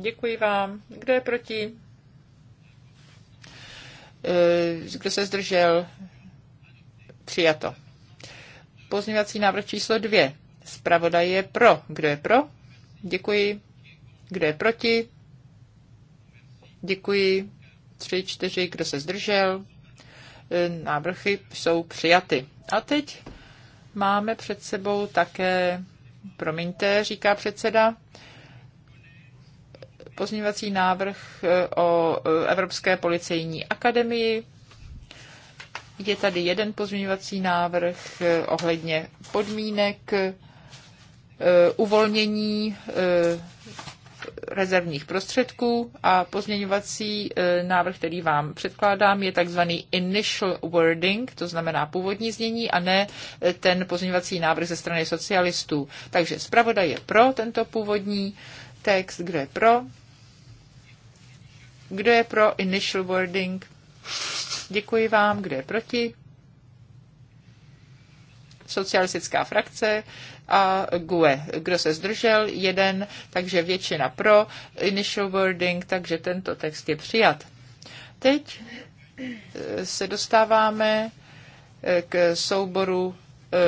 Děkuji vám. Kdo je proti? E, kdo se zdržel? Přijato. Pozměňovací návrh číslo dvě. Zpravodaj je pro. Kdo je pro? Děkuji. Kdo je proti? Děkuji. Tři, čtyři. Kdo se zdržel? E, návrhy jsou přijaty. A teď máme před sebou také, promiňte, říká předseda, pozměňovací návrh e, o e, Evropské policejní akademii. Je tady jeden pozměňovací návrh e, ohledně podmínek uvolnění rezervních prostředků a pozměňovací návrh, který vám předkládám, je takzvaný initial wording, to znamená původní znění a ne ten pozměňovací návrh ze strany socialistů. Takže zpravodaj je pro tento původní text, kde je pro, kdo je pro initial wording? Děkuji vám. Kdo je proti? Socialistická frakce a GUE. Kdo se zdržel? Jeden, takže většina pro initial wording, takže tento text je přijat. Teď eh, se dostáváme eh, k souboru eh,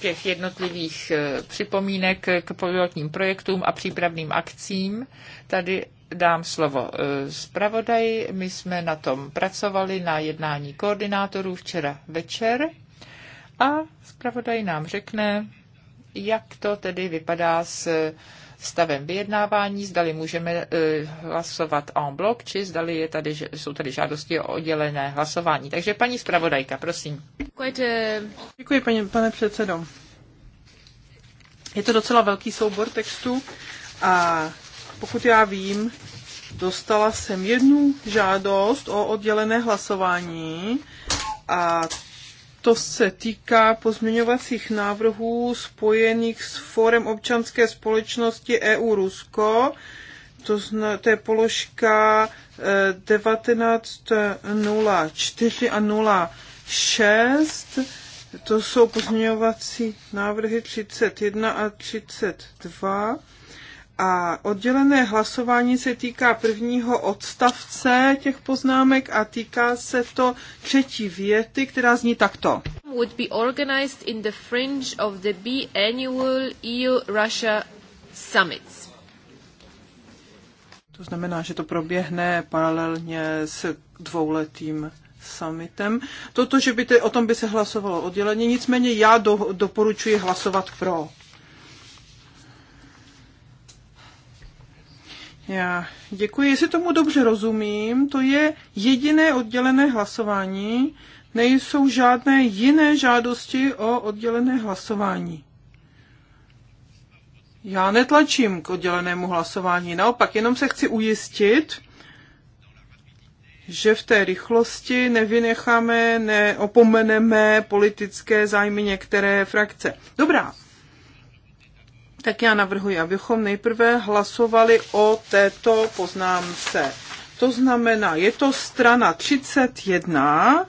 těch jednotlivých připomínek k pilotním projektům a přípravným akcím. Tady dám slovo e, zpravodaji. My jsme na tom pracovali na jednání koordinátorů včera večer a zpravodaj nám řekne, jak to tedy vypadá s stavem vyjednávání, zdali můžeme e, hlasovat en bloc, či zdali je tady, jsou tady žádosti o oddělené hlasování. Takže paní zpravodajka, prosím. Děkuji, paní, pane předsedo. Je to docela velký soubor textů a pokud já vím, dostala jsem jednu žádost o oddělené hlasování a to se týká pozměňovacích návrhů spojených s Fórem občanské společnosti EU Rusko. To, zna, to je položka 1904 eh, a 06. To jsou pozměňovací návrhy 31 a 32. A oddělené hlasování se týká prvního odstavce těch poznámek a týká se to třetí věty, která zní takto. Would be organized in the fringe of the biannual EU-Russia summits. To znamená, že to proběhne paralelně s dvouletým summitem. Toto, že by te, o tom by se hlasovalo odděleně, nicméně já do, doporučuji hlasovat pro. Já děkuji, jestli tomu dobře rozumím, to je jediné oddělené hlasování, nejsou žádné jiné žádosti o oddělené hlasování. Já netlačím k oddělenému hlasování, naopak, jenom se chci ujistit, že v té rychlosti nevynecháme, neopomeneme politické zájmy některé frakce. Dobrá, tak já navrhuji, abychom nejprve hlasovali o této poznámce. To znamená, je to strana 31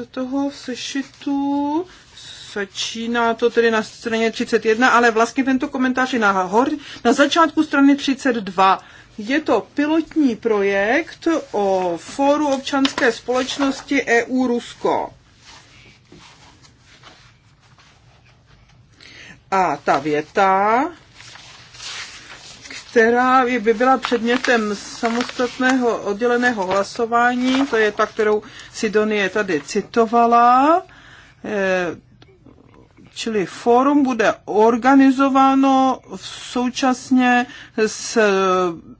e, toho sešitu, začíná to tedy na straně 31, ale vlastně tento komentář je na, hor, na začátku strany 32. Je to pilotní projekt o Fóru občanské společnosti EU-Rusko. A ta věta, která by byla předmětem samostatného odděleného hlasování, to je ta, kterou Sidonie tady citovala, eh, čili fórum bude organizováno současně s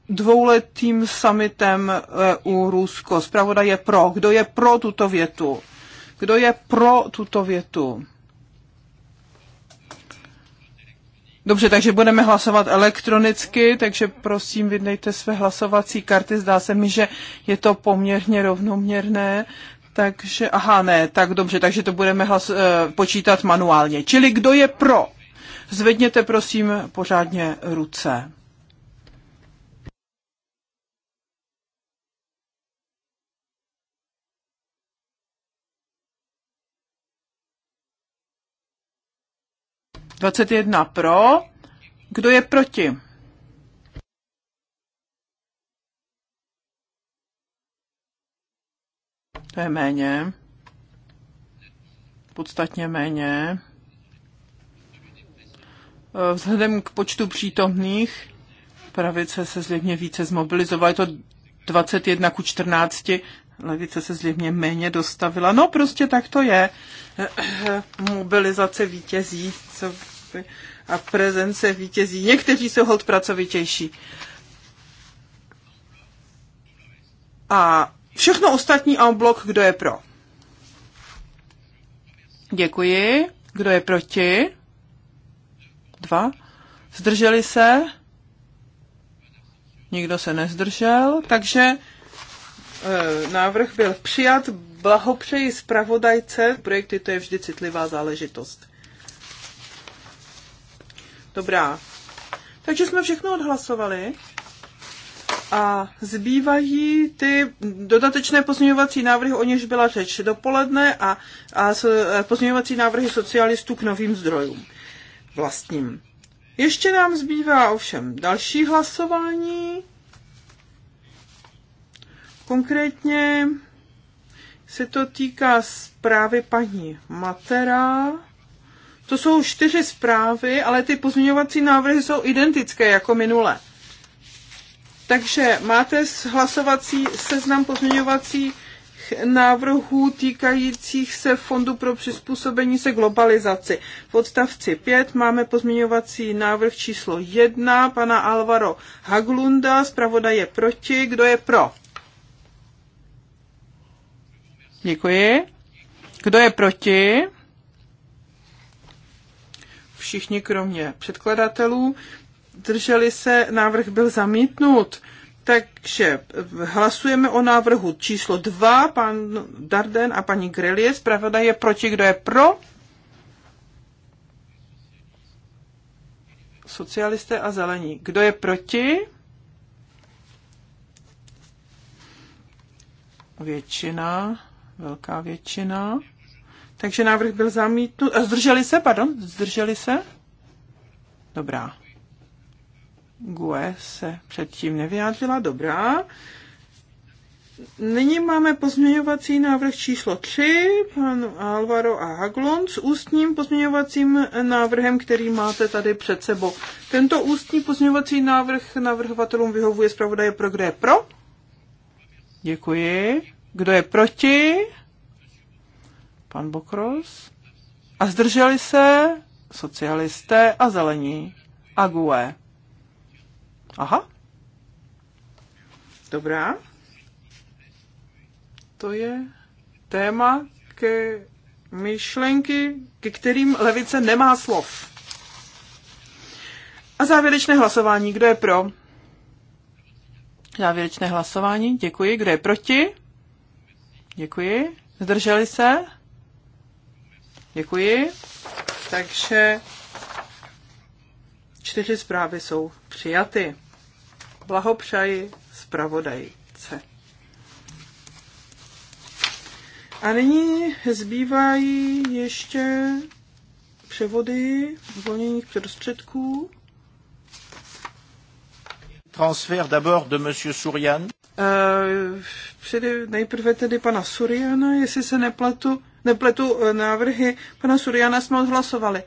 dvouletým summitem e u Rusko. Zpravoda je pro. Kdo je pro tuto větu? Kdo je pro tuto větu? Dobře, takže budeme hlasovat elektronicky, takže prosím, vydejte své hlasovací karty. Zdá se mi, že je to poměrně rovnoměrné. Takže, aha, ne, tak dobře, takže to budeme hlas, eh, počítat manuálně. Čili kdo je pro? Zvedněte prosím pořádně ruce. 21 pro. Kdo je proti? To je méně. Podstatně méně. E, vzhledem k počtu přítomných pravice se zjevně více zmobilizovaly, to 21 ku 14, levice se zřejmě méně dostavila. No prostě tak to je. Eh, eh, mobilizace vítězí co? a prezence vítězí. Někteří jsou hod pracovitější. A všechno ostatní a blok, kdo je pro. Děkuji. Kdo je proti? Dva. Zdrželi se? Nikdo se nezdržel, takže Eh, návrh byl přijat. Blahopřeji zpravodajce. Projekty to je vždy citlivá záležitost. Dobrá. Takže jsme všechno odhlasovali a zbývají ty dodatečné pozměňovací návrhy, o něž byla řeč dopoledne a, a eh, pozměňovací návrhy socialistů k novým zdrojům vlastním. Ještě nám zbývá ovšem další hlasování. Konkrétně se to týká zprávy paní Matera. To jsou čtyři zprávy, ale ty pozměňovací návrhy jsou identické jako minule. Takže máte hlasovací seznam pozměňovacích návrhů týkajících se Fondu pro přizpůsobení se globalizaci. V odstavci 5 máme pozměňovací návrh číslo 1 pana Alvaro Haglunda. Zpravodaj je proti. Kdo je pro? Děkuji. Kdo je proti? Všichni kromě předkladatelů. Drželi se, návrh byl zamítnut. Takže hlasujeme o návrhu číslo 2, pan Darden a paní Grelie. Zpravodaj je proti, kdo je pro? Socialisté a zelení. Kdo je proti? Většina. Velká většina. Takže návrh byl zamítnut. Eh, zdrželi se, pardon, zdrželi se? Dobrá. GUE se předtím nevyjádřila, dobrá. Nyní máme pozměňovací návrh číslo 3, pan Alvaro a Haglund, s ústním pozměňovacím návrhem, který máte tady před sebou. Tento ústní pozměňovací návrh navrhovatelům vyhovuje zpravodaje pro kde pro? Děkuji. Kdo je proti? Pan Bokros. A zdrželi se socialisté a zelení a e. Aha. Dobrá. To je téma ke myšlenky, ke kterým levice nemá slov. A závěrečné hlasování. Kdo je pro? Závěrečné hlasování. Děkuji. Kdo je proti? Děkuji. Zdrželi se? Děkuji. Takže čtyři zprávy jsou přijaty. Blahopřeji zpravodajce. A nyní zbývají ještě převody uvolněných prostředků. Transfer d'abord de Monsieur Sourian. Uh, eh, nejprve tedy pana Suriana, jestli se nepletu, nepletu eh, návrhy pana Suriana jsme odhlasovali.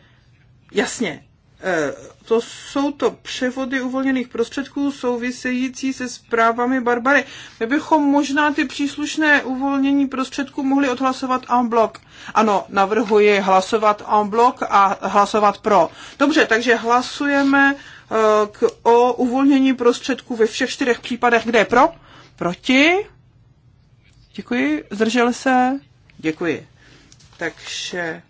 Jasně, eh, to jsou to převody uvolněných prostředků související se zprávami Barbary. My bychom možná ty příslušné uvolnění prostředků mohli odhlasovat en bloc. Ano, navrhuji hlasovat en bloc a hlasovat pro. Dobře, takže hlasujeme eh, k, o uvolnění prostředků ve všech čtyřech případech. Kde je pro? Proti? Děkuji. Zdržel se? Děkuji. Takže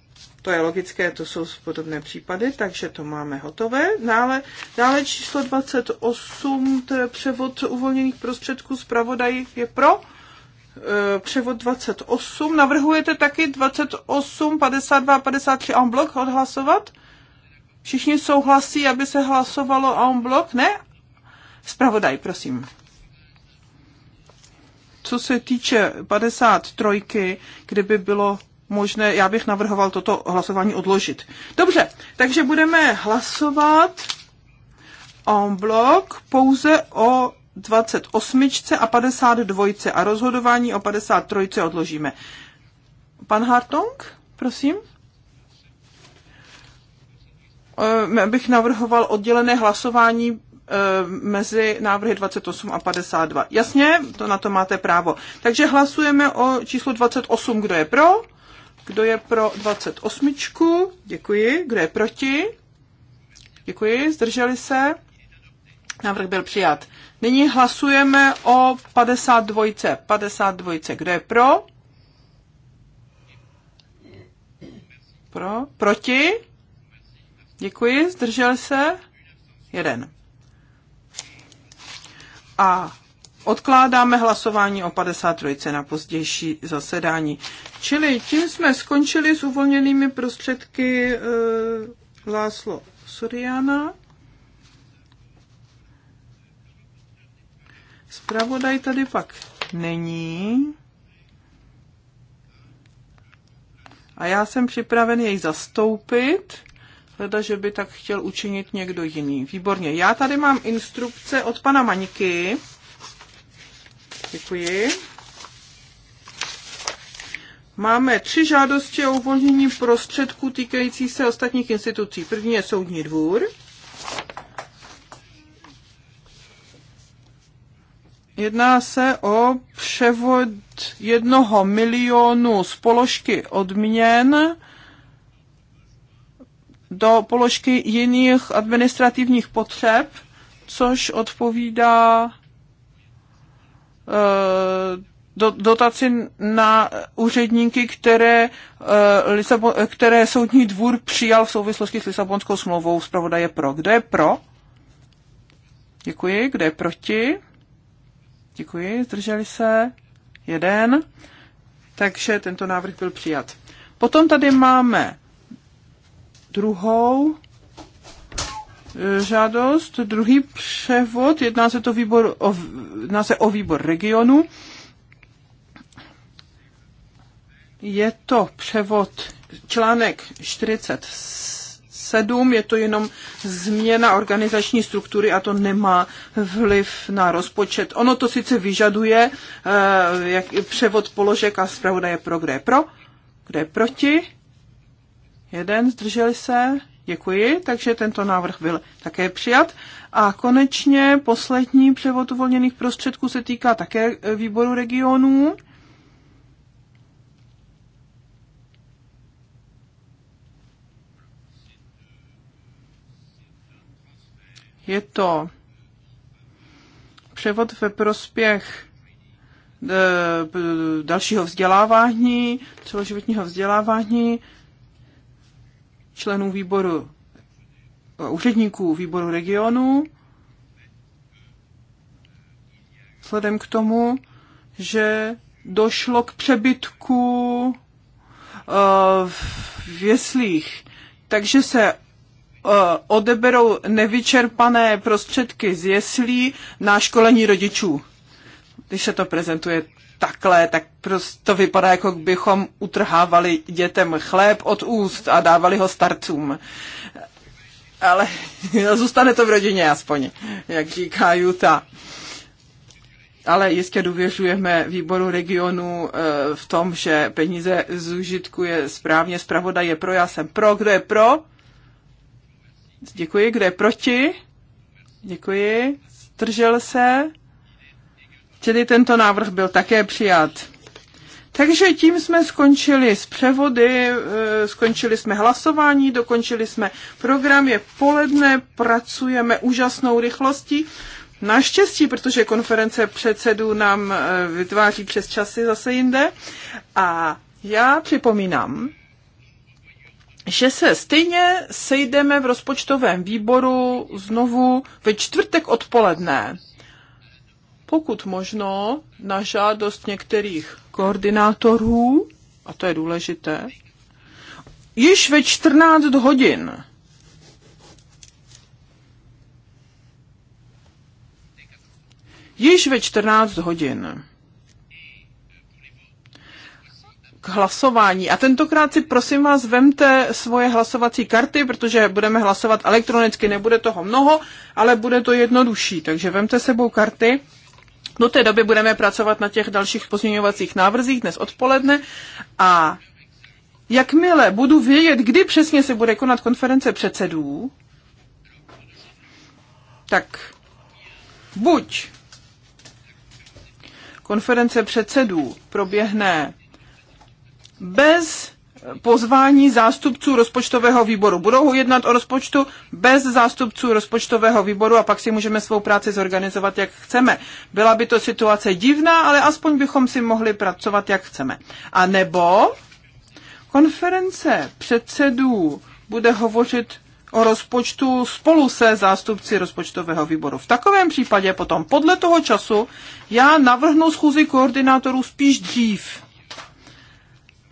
to je logické, to jsou podobné případy, takže to máme hotové. Dále, dále číslo 28, to je převod uvolněných prostředků zpravodaj je pro. E, převod 28. Navrhujete taky 28, 52, 53 en blok odhlasovat? Všichni souhlasí, aby se hlasovalo en blok, ne? Zpravodaj, prosím co se týče 53, kdyby bylo možné, já bych navrhoval toto hlasování odložit. Dobře, takže budeme hlasovat en blok pouze o 28 a 52 a rozhodování o 53 odložíme. Pan Hartong, prosím. Bych navrhoval oddělené hlasování Eh, mezi návrhy 28 a 52. Jasně, to na to máte právo. Takže hlasujeme o číslu 28. Kdo je pro? Kdo je pro 28? Děkuji. Kdo je proti? Děkuji. Zdrželi se? Návrh byl přijat. Nyní hlasujeme o 52. 52. Kdo je pro? Pro? Proti? Děkuji. Zdržel se? Jeden a odkládáme hlasování o 53 na pozdější zasedání. Čili tím jsme skončili s uvolněnými prostředky e, Láslo Suriana. Spravodaj tady pak není. A já jsem připraven jej zastoupit. Leda, že by tak chtěl učinit někdo jiný. Výborně. Já tady mám instrukce od pana Maniky. Děkuji. Máme tři žádosti o uvolnění prostředků týkající se ostatních institucí. První je Soudní dvůr. Jedná se o převod jednoho milionu z položky odměn do položky jiných administrativních potřeb, což odpovídá eh, do, dotaci na úředníky, které, eh, Lisabon, které soudní dvůr přijal v souvislosti s Lisabonskou smlouvou. Zpravoda je pro. Kdo je pro? Děkuji. Kdo je proti? Děkuji. Zdrželi se? Jeden. Takže tento návrh byl přijat. Potom tady máme druhou e, žádost, druhý převod, jedná se, to výbor o, jedná se o výbor regionu. Je to převod článek 47, je to jenom změna organizační struktury a to nemá vliv na rozpočet. Ono to sice vyžaduje e, jak, převod položek a zpravodaje pro, kde je pro, kde je proti jeden, zdrželi se, děkuji, takže tento návrh byl také přijat. A konečně poslední převod uvolněných prostředků se týká také e, výboru regionů. Je to převod ve prospěch e, dalšího vzdělávání, celoživotního vzdělávání členů výboru eh, úředníků výboru regionu, vzhledem k tomu, že došlo k přebytku eh, v jeslích, takže se eh, odeberou nevyčerpané prostředky z jeslí na školení rodičů, když se to prezentuje takhle, tak prostě to vypadá, jako bychom utrhávali dětem chléb od úst a dávali ho starcům. Ale zůstane to v rodině aspoň, jak říká Juta. Ale jistě důvěřujeme výboru regionu eh, v tom, že peníze zúžitkuje správně, zpravodaj je pro, já jsem pro, kdo je pro? Děkuji, kdo je proti? Děkuji, zdržel se? Čili tento návrh byl také přijat. Takže tím jsme skončili s převody, eh, skončili jsme hlasování, dokončili jsme program, je poledne, pracujeme úžasnou rychlostí. Naštěstí, protože konference předsedů nám eh, vytváří přes časy zase jinde. A já připomínám, že se stejně sejdeme v rozpočtovém výboru znovu ve čtvrtek odpoledne pokud možno na žádost některých koordinátorů, a to je důležité, již ve 14 hodin. Již ve 14 hodin k hlasování. A tentokrát si prosím vás vemte svoje hlasovací karty, protože budeme hlasovat elektronicky, nebude toho mnoho, ale bude to jednodušší. Takže vemte sebou karty do té doby budeme pracovat na těch dalších pozměňovacích návrzích dnes odpoledne a jakmile budu vědět, kdy přesně se bude konat konference předsedů, tak buď konference předsedů proběhne bez pozvání zástupců rozpočtového výboru. Budou jednat o rozpočtu bez zástupců rozpočtového výboru a pak si můžeme svou práci zorganizovat, jak chceme. Byla by to situace divná, ale aspoň bychom si mohli pracovat, jak chceme. A nebo konference předsedů bude hovořit o rozpočtu spolu se zástupci rozpočtového výboru. V takovém případě potom podle toho času já navrhnu schůzi koordinátorů spíš dřív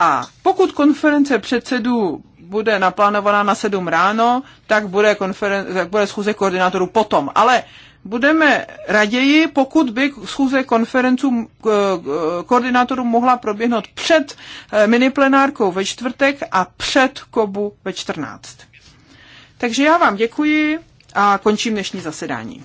a pokud konference předsedů bude naplánovaná na 7 ráno, tak bude, konferen- tak bude schůze koordinátorů potom. Ale budeme raději, pokud by schůze konferenců koordinátorů mohla proběhnout před eh, miniplenárkou ve čtvrtek a před KOBu ve 14. Takže já vám děkuji a končím dnešní zasedání.